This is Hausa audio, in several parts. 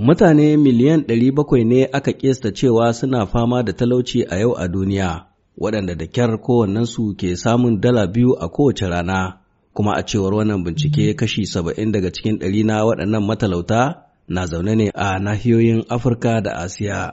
Mutane miliyan ɗari bakwai ne aka kesta cewa suna fama da talauci a yau a duniya, waɗanda da kyar kowannensu ke samun dala biyu a kowace rana, kuma a cewar wannan bincike kashi saba'in daga cikin ɗari na waɗannan matalauta na zaune ne a nahiyoyin Afirka da Asiya.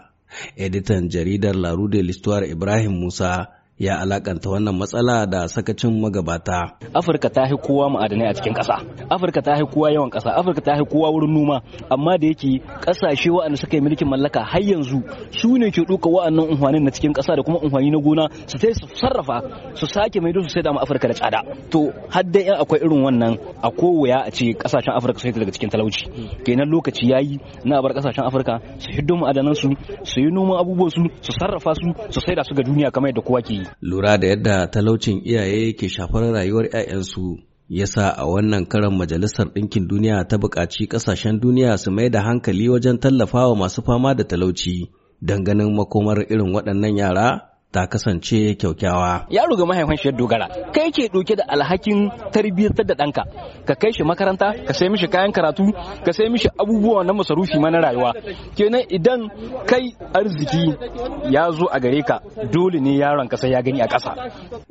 Editan jaridar Larude Listuwar Ibrahim Musa ya alakanta wannan matsala da sakacin magabata. Afirka ta kowa ma'adanai a cikin ƙasa. Afirka ta kowa yawan ƙasa. Afirka ta kowa wurin noma. Amma da yake ƙasashe wa'anda suka yi mulkin mallaka har yanzu su ne ke ɗuka wa'annan unhwanin na cikin ƙasa da kuma unhwani na gona su sai su sarrafa su sake maido su sai da Afirka da tsada. To har da yan akwai irin wannan a kowaya a ce ƙasashen Afirka su daga cikin talauci. Kenan lokaci yayi na bar ƙasashen Afirka su hiddo mu'adanansu su su yi noman abubuwan su su sarrafa su su sai da su ga duniya kamar yadda kowa ke yi. Lura da yadda talaucin iyaye ke shafar rayuwar 'ya'yansu ya sa a wannan karan Majalisar Ɗinkin Duniya ta buƙaci ƙasashen duniya su mai da hankali wajen tallafawa masu fama da talauci don ganin makomar irin waɗannan yara ta kasance kyaukyawa. Yaro ga mahaifin shi dogara, kai ke ɗauke da alhakin tarbiyyar da ɗanka, ka kai shi makaranta, ka sai mishi kayan karatu, ka sai mishi abubuwa na masarufi mana rayuwa. Kenan idan kai arziki ya zo a gare ka, dole ne yaron ka sai ya gani a ƙasa.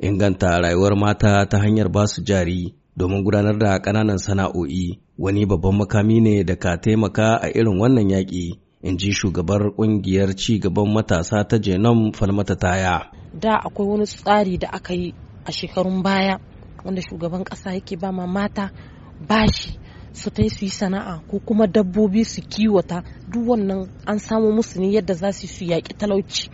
Inganta rayuwar mata ta hanyar ba su jari domin gudanar da ƙananan sana'o'i wani babban makami ne da ka taimaka a irin wannan yaƙi. in ji shugabar kungiyar ci gaban matasa ta jenom falmata taya da akwai wani tsari da aka yi a shekarun baya wanda shugaban kasa yake ba ma mata bashi su ta su yi sana'a ko kuma dabbobi su kiwata duk wannan an samu musu ne yadda za su yi su yaƙi talauci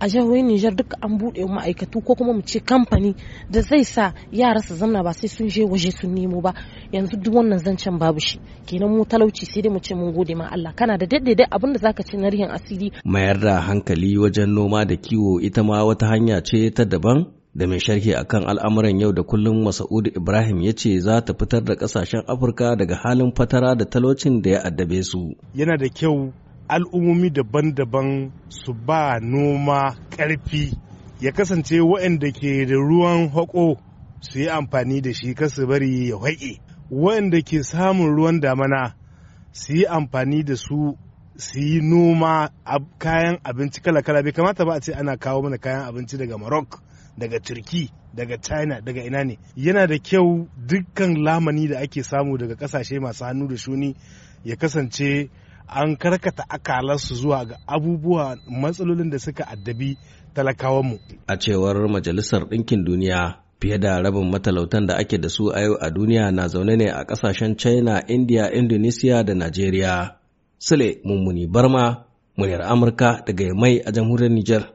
a jihohin Nijar duka an buɗe ma'aikatu ko kuma mu ce kamfani da zai sa yara su zamna ba sai sun je waje sun nemo ba yanzu duk wannan zancen babu shi kenan mu talauci sai dai mu ce mun gode ma Allah kana da daidai abin da zaka ci na rihin asiri mayar da hankali wajen noma da kiwo ita ma wata hanya ce ta daban da mai sharhi akan al'amuran yau da kullum Masa'udu Ibrahim ya ce za ta fitar da kasashen Afirka daga halin fatara da talocin da ya addabe su. Yana da kyau al'ummomi daban-daban su ba noma ƙarfi ya kasance waɗanda ke da ruwan haƙo su yi amfani da shi kasu bari ya haƙe waɗanda ke samun ruwan damana su yi amfani da su su yi noma kayan abinci kala-kala bai kamata ba a ce ana kawo mana kayan abinci daga Marok, daga turki daga china daga ina ne yana da kyau dukkan lamani da ake samu daga kasashe masu hannu da shuni ya kasance an karkata akalarsu zuwa ga abubuwa matsalolin da suka addabi talakawanmu. A cewar Majalisar Ɗinkin Duniya, fiye da rabin matalautan da ake da su a yau a duniya na zaune ne a ƙasashen China, India, Indonesia da Najeriya. Sule Mummuni Barma, muryar Amurka daga mai a jamhuriyar Nijar.